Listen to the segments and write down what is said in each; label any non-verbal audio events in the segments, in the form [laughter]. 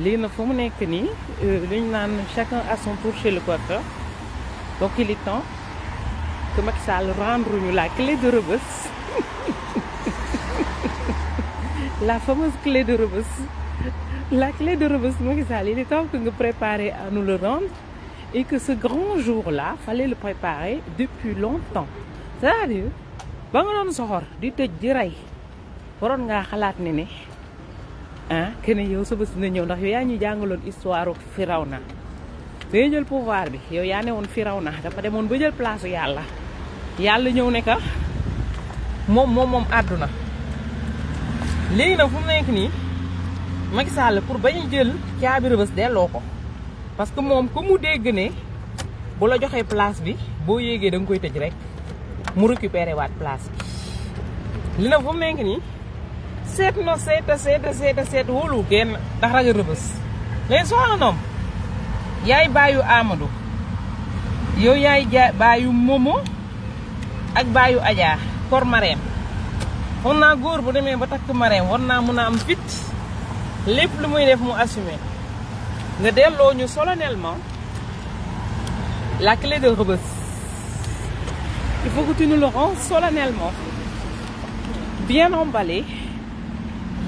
Les euh, nag chacun à son tour chez le coiffeur donc il est temps que Macky Sall rendre la clé de rebus [laughs] la fameuse clé de rebus la clé de rebus Macky il est temps que nous préparions à nous le rendre et que ce grand jour là il fallait le préparer depuis longtemps c'est-à-dire ba nga doon soxor di tëj di rey ne ah kenn yow suba si na ñëw ndax yow yaa ñu jàngaloon histoire na dañuy jël pouvoir bi yow yaa ne woon Firawna dafa demoon ba jël place yàlla yàlla ñëw ne ka moom moom moom àdduna léegi nag fu mu nekk nii Macky Sall pour bañ jël caabi Rebeuss delloo ko parce que moom ku mu dégg ne bu la joxee place bi boo yéegee da koy tëj rek mu récupéré waat place bi li nag fu mu nii set no set set set set wóolu ken ndax ragal rëbës léegi soxna nom yaay bayu Amadou yo yaay bayu Momo ak bayu Adja kor marem foog naa góor bu demé ba tak marem war naa mun am fit lepp lu muy def mu assumer nga delo ñu solennellement la clé de rebeus il faut que tu nous le rends solennellement bien emballé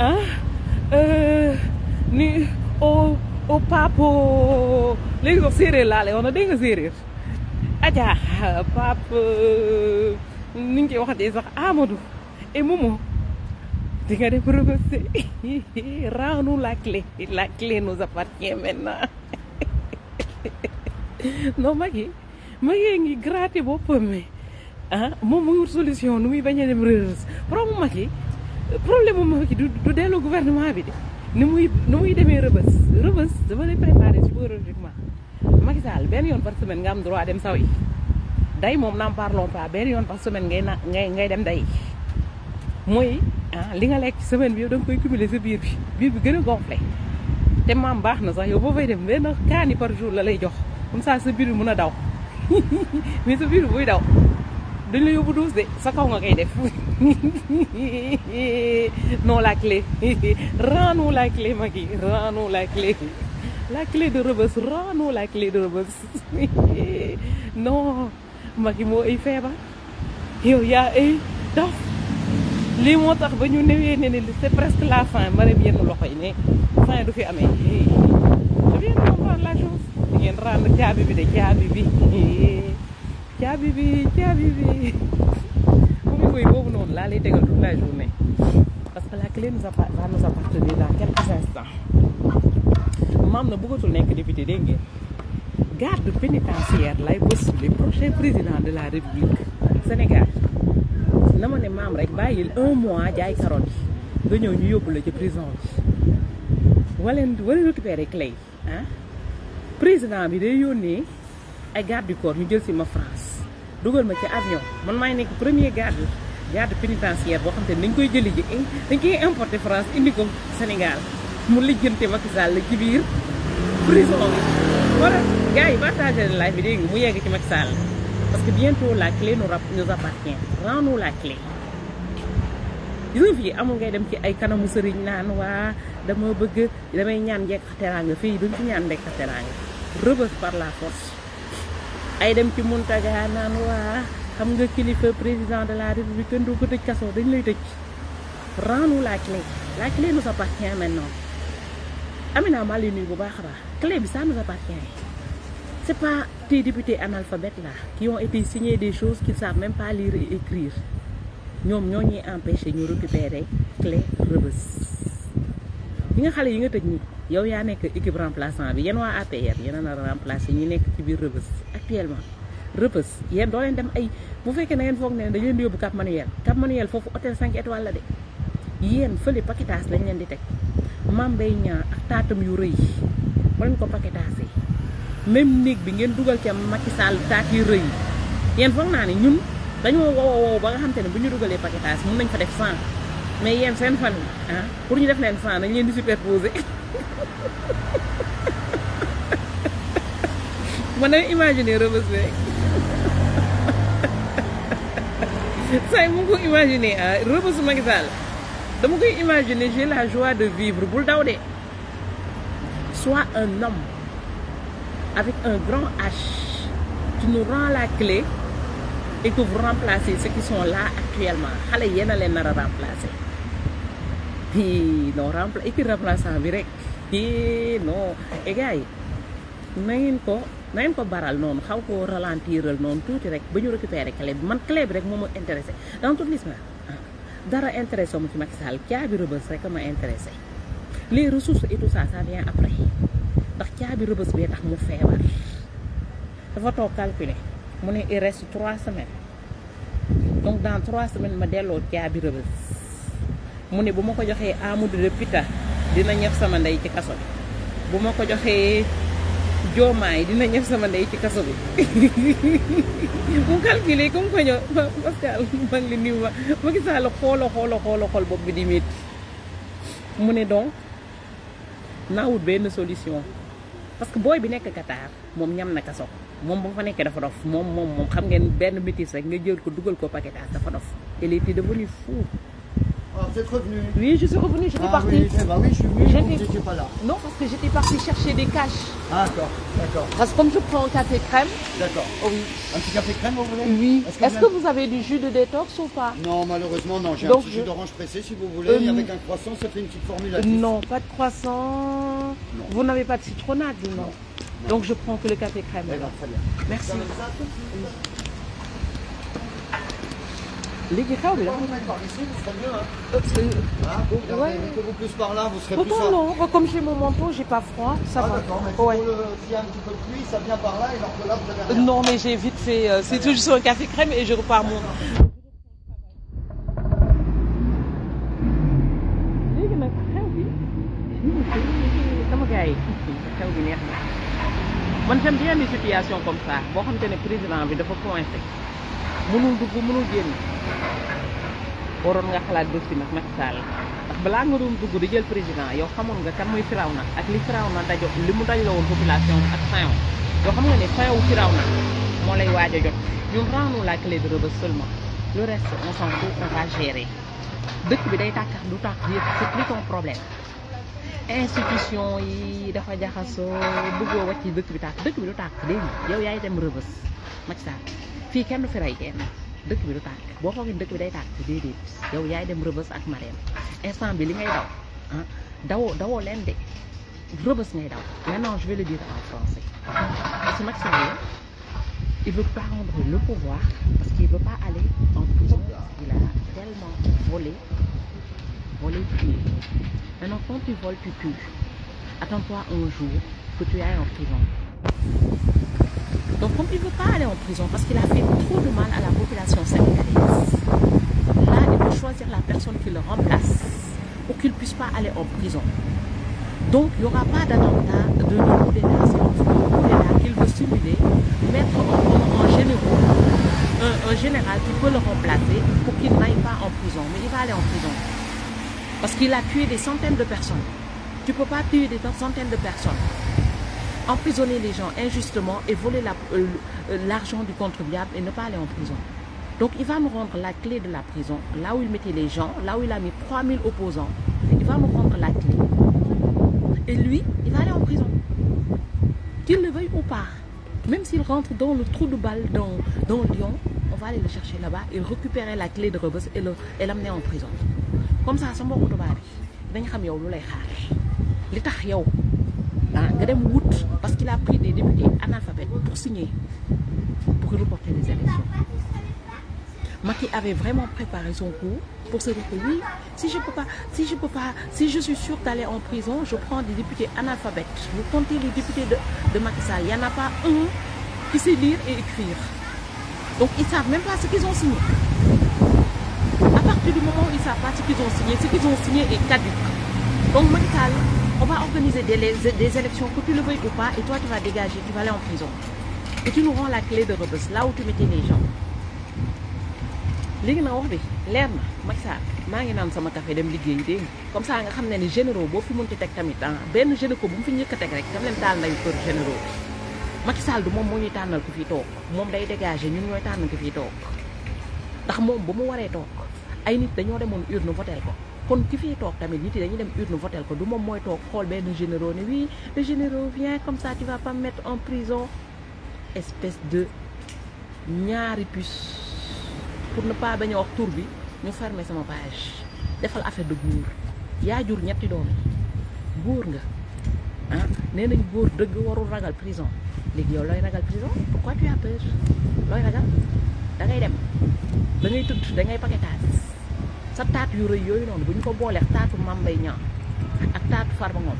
ah ni o o papo léegi sax séeréer laa lay dégg séeréer aja pap ni ñu koy waxatee sax Amadou et Momo di nga def [laughs] rebossé rends-nous la clé la clé nous appartient maintenant non [laughs] Magué Magué ngi gratter boppam ah moom mu ngi solution nu muy bañ a dem rërs problème Magué problème mu Macky du du dellu gouvernement bi de ni muy ni muy demee rëbës rëbës dama lay préparé psychologiquement Macky Sall benn yoon par semaine nga am droit dem saw yi day moom n'en parlons pas benn yoon par semaine ngay na ngay ngay dem day mooy ah li nga lekk semaine bi yow da koy cumuler sa biir bi biir bi gën a gonflé te maam baax na sax yow boo fay dem benn kaani par jour la lay jox comme saa sa biir bi mun a daw [laughs] mais sa biir buy daw. dañ la yóbbu douze de sa kaw nga koy def [laughs] non la clé [laughs] rends-nous la clé Macky rends-nous la clé la clé de Rebeuss rends-nous la clé de Rebeuss [laughs] non Macky moo ay feebar yow yaa ay dof lii moo tax ba ñu newee ne ne c'est presque la fin ma dem yenn loxo yi ne fin du fi amee je viens de comprendre la chose di ngeen rendre bi de caabi bi bibi, bi bibi. bi moom voyez boobu noonu laa lay tegal toute la journée parce que la clé nous a, va nous appartenir dans quelques instants maam na bëggatul nekk député dégg ngeen garde pénitentiaire lay le prochain président de la république Sénégal na ma ne maam rek bàyyil un mois jaay carotte nga ñëw ñu yóbbu la ci prison bi wala wala récupérer clé ah président bi day yónnee ay garde du corps ñu jël si ma France dugal ma ci avion man maay nekk premier garde garde pénitentiaire boo xam te dañ koy jëli ji dañ koy importé France indi ko Sénégal mu lijjante Macky Sall la ci biir prison bi war a yi partagé leen live bi dégg mu yegg ci Macky Sall parce que bientôt la clé nous nous appartient rends-nous la clé gis fii amul ngay dem ci ay kanamu sëriñ naan waa dama bëgg damay ñaan njekk teraanga fii duñ ci ñaan njekk teraanga rebës par la force ay dem ci à naan wa xam nga kilifa président de la république kenn du ko tëj kaso dañ lay tëj rends-nous la clé la clé nous appartient maintenant Amina maa ni nuyu bu baax clé bi ça nous appartient c'est pas tes députés analphabètes là qui ont été signés des choses qu'ils savent même pas lire et écrire ñom ñoo ñuy empêcher ñu récupérer clé REBUS. bi nga xalé yi nga tëj ni yow ya nek équipe remplaçant bi yéen wa APR yéen a remplacer ñi nek ci biir rebus. actuellement rëbës yéen doo leen dem ay bu fekkee na ngeen foog ne dañu leen di yóbbu Cap Manuel Cap Manuel foofu hôtel 5 étoiles la de yéen fële paquetage lañ leen di teg Mame Mbaye Niang ak taatam yu rëy ba leen ko paquetage même néeg bi ngeen dugal ca Macky Sall taat yu rëy yéen foog naa ne ñun dañoo wow wow ba nga xam te ne bu ñu dugalee paquetage mun nañ ko def 100 mais yéen seen fan ah pour ñu def leen 100 dañ leen di superposer [laughs] man damay imaginer Rebeus rek saa yi mu ngi ko imaginer ah Rebeus Macky Sall imaginer j'ai la joie de vivre bul daw de sois un homme avec un grand H Qui nous rend la clé et que vous remplacez ceux qui sont là actuellement xale y a leen nar a remplacer Et qui remplace. remplaçant bi rek non et gars yi na ngeen ko. na ngeen ko baral noonu xaw koo ralentiral noonu tuuti rek ba ñu récupérer clé bi man clé bi rek moo ma intéressé dans toute l'histoire dara ma ci Macky Sall rek ma intéressé les ressources et tout ça ndax caabi rëbës bee mu feebar dafa toog calculer mu ne il reste trois semaines donc dans trois semaines ma delloo caabi rëbës mu ne bu ma ko joxee Amadou de Pita dina ñëf sama ndey ci kaso bi bu ma ko joxee. yi dina ñëf sama ndey ci kaso bi [laughs] mu calculer comme que ñëw Pascal man li niw ma Macky Sall xoola xoola xool bopp bi di métti mu ne donc naawut benn solution parce que booy bi nekk Qatar moom ñam na kaso moom ba fa nekkee dafa dof moom moom moom xam ngeen benn métis rek nga jël ko dugal ko paquetage dafa dof elle était devenue fou Ah, vous êtes revenu Oui, je suis revenu, j'étais ah, partie. Oui, oui, je suis venu, vous pas là. Non, parce que j'étais partie chercher des caches. Ah, d'accord, d'accord. Parce que comme je prends un café crème. D'accord. Oh oui. Un petit café crème, vous voulez Oui. Est-ce que, vous avez du jus de détox ou pas Non, malheureusement, non. J'ai un petit jus d'orange pressé, si vous voulez, euh, et avec un croissant, ça fait une petite formule. Non, pas de croissant. Vous n'avez pas de citronnade, non, Donc je prends que le café crème. Eh ben, très bien. Merci. Légui Khaoui là. Ici, vous serez mieux. Hein. Ah, bon, regardez, vous plus par là, vous serez Pourtant, plus. Autant non, comme j'ai mon manteau, j'ai pas froid, ça ah, va. D'accord, mais ouais. s'il y a un petit peu de pluie, ça vient par là, et alors que là, vous avez rien. Non, mais j'ai vite fait. Euh, c'est tout juste un café crème et je repars mon. Moi, j'aime bien les situations comme ça Moi, boo xam te ne président bi dafa coincé mënul dugg mënul génn waroon nga xalaat bés bi nag Macky Sall ndax balaa nga doon dugg di jël président yow xamoon nga kan muy Firawna ak li Firawna dajo li mu daj la woon population ak Sayon yoo xam nga ne Sayon Firawna moo lay waaj jot ñun rendu la clé de Rebeuss seulement le reste on s'en fout gérer dëkk bi day tàkkax du tàkk yëpp c'est plus problème institution yi dafa jaxasoo bëggoo wàcc dëkk bi tàkk dëkk bi du tàkk dégg nga yow yaay fi kenn du fi rey kenn dëkk bi du tàkk boo xoolee dëkk bi day tàkk déedéet yow yaay dem rëbës ak mareem instant bi li ngay daw ah dawoo dawoo leen de rëbës ngay daw maintenant je vais le dire en français parce que Macky il veut pas rendre le pouvoir parce qu'il veut pas aller en prison il a tellement volé volé tué. maintenant quand tu voles tu tues attends-toi un jour que tu ailles en prison donc il ne peut pas aller en prison parce qu'il a fait trop de mal à la population sénégalaise. Là, il peut choisir la personne qui le remplace pour qu'il ne puisse pas aller en prison. Donc il n'y aura pas d'attentat de nouveau d'État. C'est un nouveau qu'il veut stimuler, mettre en, en, un général qui peut le remplacer pour qu'il n'aille pas en prison. Mais il va aller en prison parce qu'il a tué des centaines de personnes. Tu ne peux pas tuer des centaines de personnes emprisonner les gens injustement et voler euh, l'argent du contribuable et ne pas aller en prison. Donc il va me rendre la clé de la prison, là où il mettait les gens, là où il a mis 3000 opposants. Il va me rendre la clé. Et lui, il va aller en prison. Qu'il le veuille ou pas. Même s'il rentre dans le trou de balle dans, dans Lyon, on va aller le chercher là-bas et récupérer la clé de Rebus et l'amener en prison. Comme ça, l'État est là parce qu'il a pris des députés analphabètes pour signer pour reporter les élections Maki avait vraiment préparé son coup pour se dire que oui si je peux pas si je peux pas si je suis sûr d'aller en prison je prends des députés analphabètes vous comptez les députés de de Macky il n'y en a pas un qui sait lire et écrire donc ils ne savent même pas ce qu'ils ont signé à partir du moment où ils ne savent pas ce qu'ils ont signé ce qu'ils ont signé est caduque donc Macky on va organiser des, des élections, que le veuilles ou pas, et toi tu vas dégager, tu vas aller en prison. Et tu nous rends la clé de Rebeuss, là où tu mettais les gens. léegi nag wax bi leer na Macky Sall maa ngi sama café dem liggéey dégg comme ça nga xam ne ni généraux boo fi mënti teg tamit ah benn généraux bu mu fi njëkk a teg rek dam leen taal ndayu kër généraux bi Macky Sall du moom moo ñuy tànnal ku fi toog moom day dégager ñun ñooy tànn ku fi toog ndax moom ba mu waree toog ay nit dañoo demoon urne votel ko kon ki fii toog tamit nit yi dañuy dem urne voter ko du moom mooy toog ben benn généraux ne oui le généraux vient comme ça tu vas pas mettre en prison espèce de ñaari puce pour ne pas bañ wax tour bi ñu fermer sama page defal affaire de bour ya jur ñetti doom bour nga hein ah, né nañ bour deug waru ragal prison léegi yow loy ragal prison pourquoi tu as peur looy ragal da ngay dem da ngay tëdd da ngay paquetage sa taat yu rëy yooyu noonu bu ñu ko boolee taatu mambay ña ak taatu farba ngoom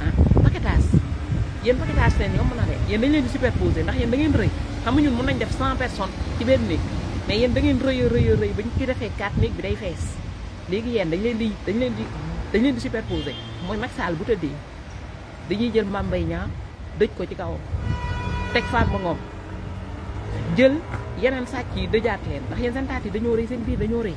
ah paquetage yéen paquetage seen yomb na yéen dañ leen di superposer yéen da ngeen rëy xam nga mën nañ def 100 personnes ci benn néeg mais yéen da ngeen rëy a rëy a rëy ba ñu ci defee 4 néeg bi day fees yéen dañ leen di dañ leen di dañ leen di superposer mooy Macky Sall bu tëddee dañuy jël mambay ñaa dëj ko ci kawam teg farba ngoom jël yeneen sàcc yi dëjaat leen ndax yeneen seen taat yi dañoo rëy seen biir dañoo rëy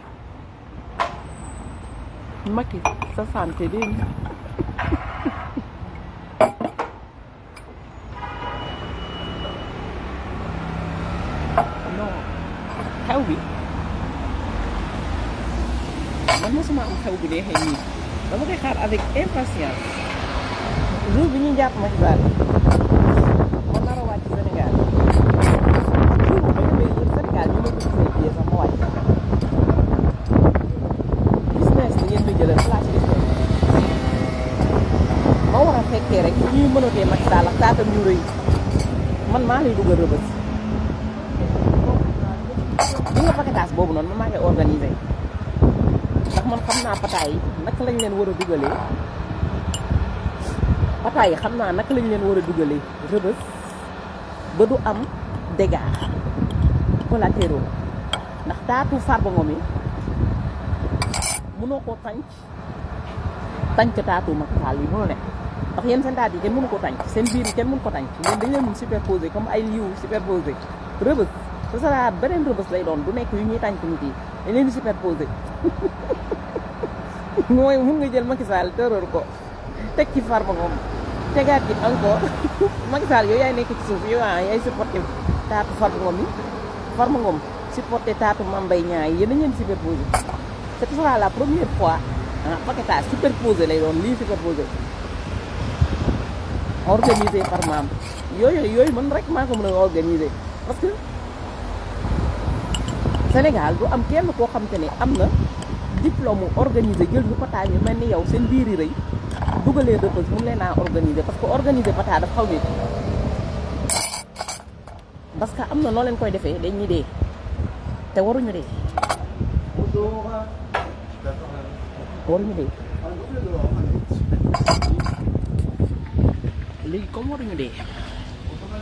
Macky sa santé dégg nga non xew bi man mosuma am xew bu neexee nii dama koy xaar avec impatience jour bi ñu jàpp Macky Sall mënatee rek ñuy mënatee Macky Sall taatam yu rëy man maa lay dugal rëbës bi nga vacataas boobu noonu man maa koy organisé ndax man xam naa pataay yi naka lañ leen war a dugalee pataay yi xam naa naka lañ leen war a dugalee rëbës ba du am dégâts collatéraux ndax taatu Farba Ngom yi mënoo koo tànc tànc taatu Macky Sall yi mënoo ne ndax yéen seen daal yi kenn mënu ko tànc seen biir yi kenn mënu ko tànc yéen dañ leen mun superposé comme ay liw superposé rëbës ce sera beneen rëbës lay doon du nekk yu ñuy tànc nit yi dañ leen superposé [laughs] mooy mun nga jël Macky Sall tërër ko teg ci Farba Ngom tegaat gi encore [laughs] Macky Sall yooyu yaay nekk ci suuf yow ah yaay supporté taatu Farba Ngom yi Farba Ngom supporté taatu Mame Mbaye Niang yéen dañ leen superposé ce sera la première fois ah paquetage superposé lay doon lii superposé organisé par membre yooyu yooyu man rek maa ko mën a organisé parce que Sénégal du am kenn koo xam te ne am na diplôme organisé jël ñu pataa ñu mel ni yow seen biiri rëy dugalee repose mun leen naa organiser parce que organiser pataa dafa xaw nit parce que am na noo leen koy defee dañuy dee te waruñu dee waruñu dee léegi comme waruñu dee xew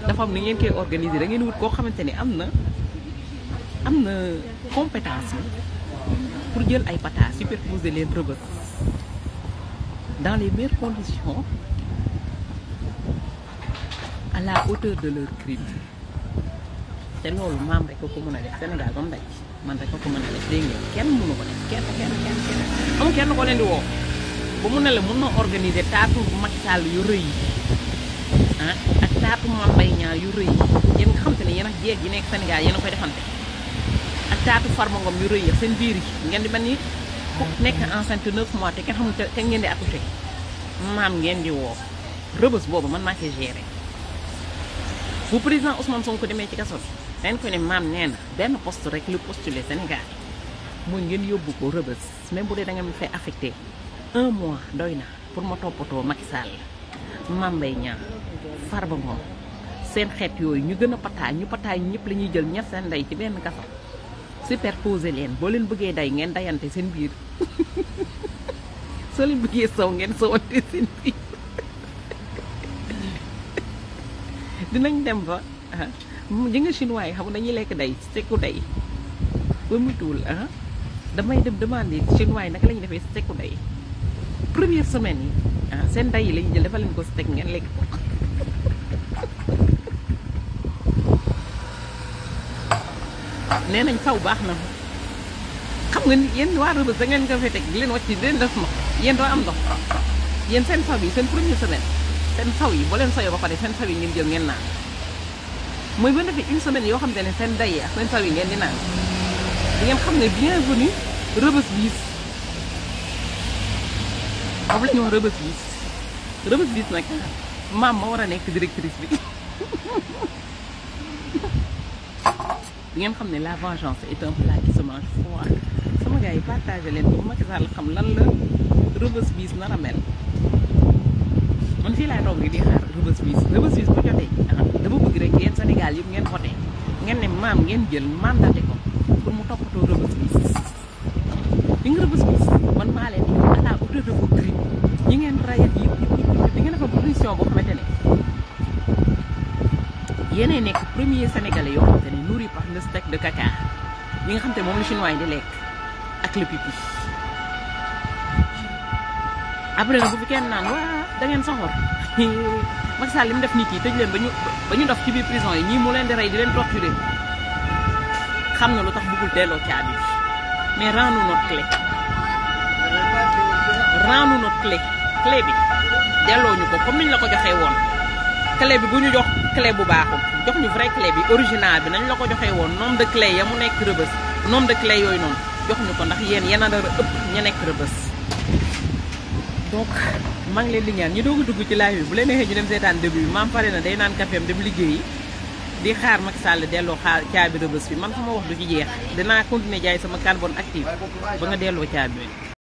dafa am ni ngeen koy organiser da ngeen wut koo xamante eh, ne am na am na compétence bi pour jël ay pataas superposer leen rëbës dans les meilleures conditions à la hauteur de leur crime te loolu maam rek ko mën a def Sénégal ba mu daj man rek ko mën a def dégg ngeen kenn mënu ko def kenn kenn kenn kenn amul kenn ko leen di woo ba mu ne la mun na organiser taatu Macky Sall yu rëy ah ak taatu Mame Mbaye Niang yu rëy yéen nga xam te ne yéen ak jeeg yi nekk Sénégal yéen a koy defante ak taatu Farba Ngom yu rëy seen biir yi ngeen di mel ni ku nekk enceinte 9 mois te kenn xamul te ngeen di accouché maam ngeen di woo rëbës boobu man maa koy géré bu président Ousmane Sonko demee ci kaso bi dañ ko ne maam nee na benn poste rek lu postulé Sénégal mooy ngeen yóbbu ko rëbës même bu dee da nga fay affecté un mois doy pour ma toppatoo Macky Sall Mame Mbaye Niang ba moom seen xeet yooyu ñu gën a pataay ñu pataay ñëpp la ñuy jël ñett seen ndey ci benn kaso superposé leen boo leen bëggee day ngeen dayante seen biir [laughs] soo leen bëggee saw ngeen sawante seen biir [laughs] dinañ dem ba ji ah, nga chinois yi xam dañuy lekk day sekku day ba mutuwul ah damay dem demandé chinois yi naka la ñuy defee sekku day première semaine yi ah, seen day yi la ñuy jël dafa leen ko sek ngeen lekk nee nañ taw baax na xam nga ni yéen waa Rebeuss da ngeen ko fay teg di leen wàcc di leen def ndox yéen doo am ndox yéen seen taw yi seen première semaine seen taw yi boo leen sayoo ba pare seen taw yi ngeen jël ngeen naan mooy ba defee une semaine yoo xam te ne seen day yi ak seen taw yi ngeen di naan di ngeen xam ne bienvenue Rebeuss bis boobu la ñuy wax Rebeuss bis Rebeuss bis nag maam ma war a nekk directrice bi. [laughs] di ngeen xam ne la vengeance est un plat qui se mange froid sama gars yi partagé leen ba Macky Sall xam lan la rëbës biis nar a mel man fii laay toog di xaar rëbës biis bu jotee dama bëgg rek yéen Sénégal yëpp ngeen voté ngeen ne maam ngeen jël mandaté ko pour mu toppatoo rëbës biis li nga rëbës biis man maa leen di à la hauteur de vos crimes ñi ngeen rayat yëpp yëpp yëpp di ngeen defal ne yéenay nekk premier sénégalais yoo xamante ne nourri par le steak de caca li nga xam te moom la chinois yi di lekk ak bi pipi. après nag bu fi kenn naan waa da ngeen soxor [laughs] Macky li mu def nit yi tëj leen ba ñu ba ñu dof ci biir prison yi ñii mu leen di rey di leen torturer xam na lu tax bëggul delloo caabi mais rends-nous notre clé. rends-nous bi delloo ñu ko comme niñ la ko joxee woon clé bi bu ñu jox. clé bu baaxul jox ñu vraie clé bi original bi nañ la ko joxee woon nombre de clé ya mu nekk rëbës nombre de clé yooyu noonu jox ñu ko ndax yéen yéen a dara ëpp ña nekk rëbës. donc maa leen di ñaan ñi doo a dugg ci laay bi bu leen neexee ñu dem seetaan début bi maam pare na day naan caféem dem liggéeyi di xaar Macky Sall delloo xaar caabi rëbës bi man ka sama wax du ci jeex dinaa continuer jaay sama carbone active ba nga delloo caabi bi.